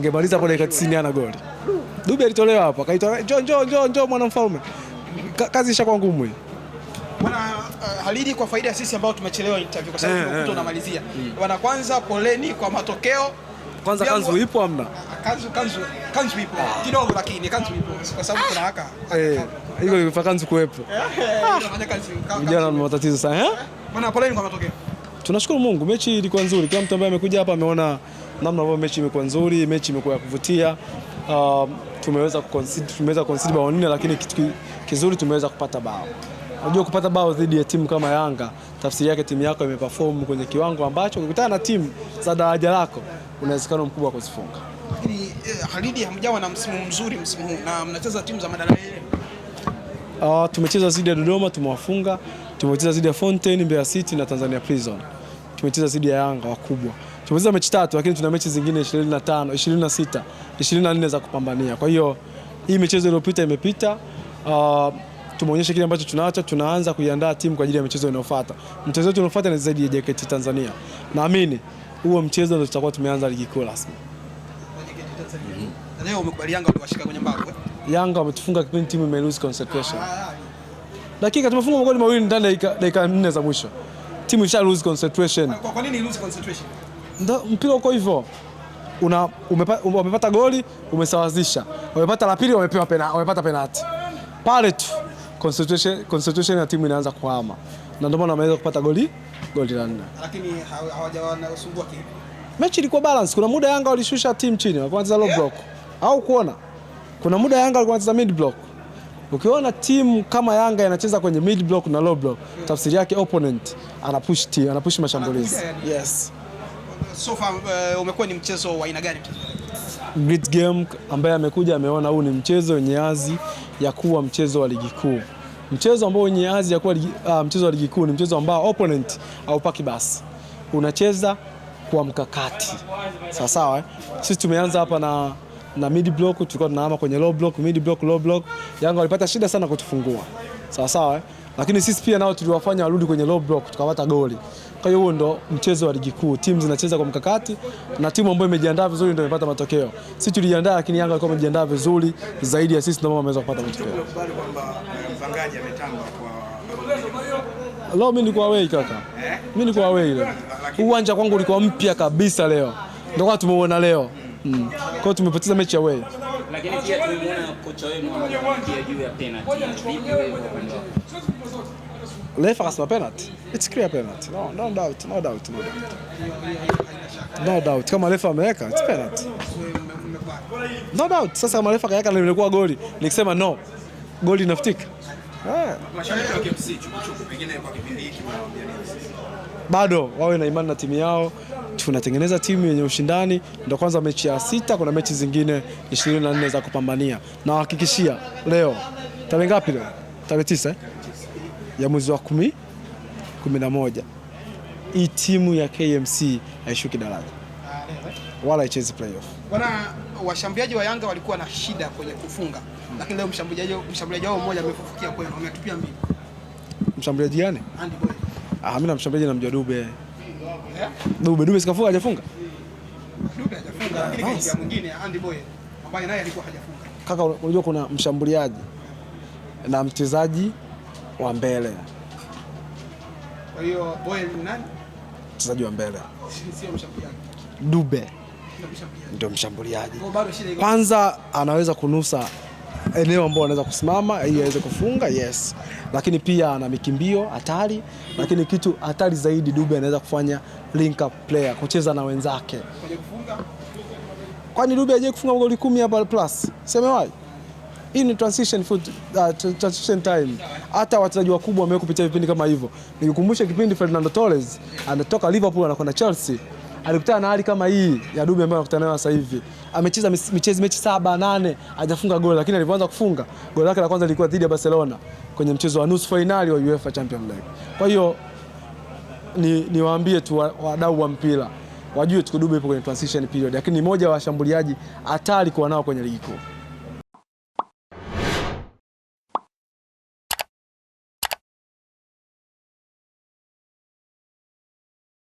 Ngemaliza hapo dakika 90 ana goli. Dubi alitolewa hapa, kaitwa njoo njoo njoo njoo mwana mfalme. Kazi isha kwa ngumu hii. Bwana uh, Halidi, kwa faida sisi ambao tumechelewa interview kwa sababu eh, mkuto eh. unamalizia. Hmm. Bwana, kwanza poleni kwa matokeo. Kwanza kanzu ipo amna? Kanzu kanzu kanzu ipo. Ah. Kidogo lakini kanzu ipo kwa sababu kuna haka. Eh, hiyo ni eh. kanzu kuwepo. Vijana ni matatizo sana. Bwana, poleni kwa matokeo. Tunashukuru Mungu, mechi ilikuwa nzuri. Kila mtu ambaye amekuja hapa ameona namna ambavyo mechi imekuwa nzuri, mechi imekuwa ya kuvutia. Uh, tumeweza kuconcede, tumeweza concede bao nne, lakini kitu kizuri tumeweza kupata bao. Unajua, kupata bao dhidi ya timu kama Yanga tafsiri yake timu yako imeperform kwenye kiwango ambacho ukikutana na timu za daraja lako una uwezekano mkubwa wa kuzifunga. Lakini eh, Khalid, hamjawa na msimu mzuri msimu huu na mnacheza timu za madaraja yenu. Uh, ah, tumecheza dhidi ya Dodoma tumewafunga, tumecheza dhidi ya Fountain, Mbeya City na Tanzania Prison, tumecheza dhidi ya Yanga wakubwa tumemaliza mechi tatu, lakini tuna mechi zingine 25, 26, 24 za kupambania. Kwa hiyo hii michezo iliyopita imepita. Uh, tumeonyesha kile ambacho tunaacha, tunaanza kuiandaa timu kwa ajili ya michezo inayofuata. Mchezo wetu unaofuata ni zaidi ya JKT Tanzania. Naamini huo mchezo ndio tutakuwa tumeanza ligi kuu rasmi. Mm-hmm. Leo umekubali Yanga kuwashika kwenye mbavu. Eh? Yanga wametufunga kipindi timu ime lose concentration. Dakika tumefunga magoli mawili ndani ya dakika 4 za mwisho. Timu isha lose concentration. Kwa nini lose concentration? mpira uko hivyo una umepata, umepata goli umesawazisha, umepata la pili, umepewa pena, umepata penalti pale tu concentration, concentration ya timu inaanza kuhama na ndio maana wameweza kupata goli goli la nne, lakini usumbua kitu. Mechi ilikuwa balance. Kuna muda Yanga walishusha timu chini walikuwa wanacheza low block yeah. au kuona, kuna muda Yanga walikuwa wanacheza mid block. Ukiona timu kama Yanga inacheza kwenye mid block na low block, yeah. tafsiri yake opponent anapush, team anapush mashambulizi yes so far uh, umekuwa ni mchezo wa aina gani? Great game ambaye amekuja ameona huu ni mchezo wenye azi ya kuwa mchezo wa ligi kuu. Mchezo ambao wenye azi ya kuwa uh, mchezo wa ligi kuu ni mchezo ambao opponent au paki basi unacheza kwa mkakati sawa sawa eh? Sisi tumeanza hapa na na mid block, tulikuwa tunahama kwenye low block, mid block, low block. Yanga walipata shida sana kutufungua sawa sawa eh? lakini sisi pia nao tuliwafanya warudi kwenye low block tukapata goli. Kwa hiyo huo ndo mchezo wa ligi kuu, timu zinacheza kwa mkakati na timu ambayo imejiandaa vizuri ndio imepata matokeo. Sisi tulijiandaa, lakini Yanga alikuwa amejiandaa vizuri zaidi ya sisi, ndio maana ameweza kupata matokeo. Eh, leo mimi nilikuwa away kaka, eh? mimi nilikuwa away leo, uwanja kwangu ulikuwa mpya kabisa leo, ndio kwa tumeona leo mm. Kwa hiyo tumepoteza mechi ya away lakini pia tulimuona kocha wenu anaongea juu ya penalty refa akasema penalty. It's clear penalty. No, no doubt, no doubt, no doubt. No doubt. Kama refa ameweka, it's penalty. No doubt. Sasa kama refa kaweka nilikuwa goli. Nikisema no. Goli inafutika. Yeah. Bado wawe na imani na timu yao. Tunatengeneza timu yenye ushindani. Ndio kwanza mechi ya sita, kuna mechi zingine 24 za kupambania. Na hakikishia leo tarehe ngapi leo? Tarehe 9 eh? ya mwezi wa kumi, kumi na moja hii timu ya KMC haishuki daraja wala haichezi playoff. Bwana, washambuliaji wa Yanga walikuwa na shida kwenye kufunga hmm. Lakini leo mshambuliaji mshambuliaji wao mmoja amefufukia kwenu, ametupia mbili. Mshambuliaji gani? Andy Boy. Ah, mimi na mshambuliaji namjua Dube. Yeah. Dube, Dube sikafunga, hajafunga. Dube hajafunga, lakini ah, kesi mwingine Andy Boy ambaye naye alikuwa hajafunga. Kaka, unajua kuna mshambuliaji na mchezaji wa mbele. Kwa hiyo Boy ni nani? Mchezaji wa mbele. Sio mshambuliaji. Dube ndio mshambuliaji. Kwanza anaweza kunusa eneo ambao anaweza kusimama ili aweze kufunga, yes, lakini pia ana mikimbio hatari, lakini kitu hatari zaidi Dube anaweza kufanya link up player, kucheza na wenzake. Kwani Dube hajawahi kufunga magoli kumi hapa plus, Semewai? Hii ni transition food, uh, transition time. Hata wachezaji wakubwa wamewahi kupitia vipindi kama hivyo. Nikikumbusha kipindi Fernando Torres anatoka Liverpool anakwenda Chelsea, alikutana na hali kama hii ya Dube ambayo anakutana nayo sasa hivi. Amecheza michezo mechi saba nane hajafunga goli, lakini alipoanza kufunga goli lake la kwanza lilikuwa dhidi ya Barcelona kwenye mchezo wa nusu fainali wa UEFA Champions League. Kwa hiyo ni niwaambie tu wadau wa mpira wajue tukudube ipo kwenye transition period, lakini ni moja wa washambuliaji hatari kuwa nao kwenye ligi kuu.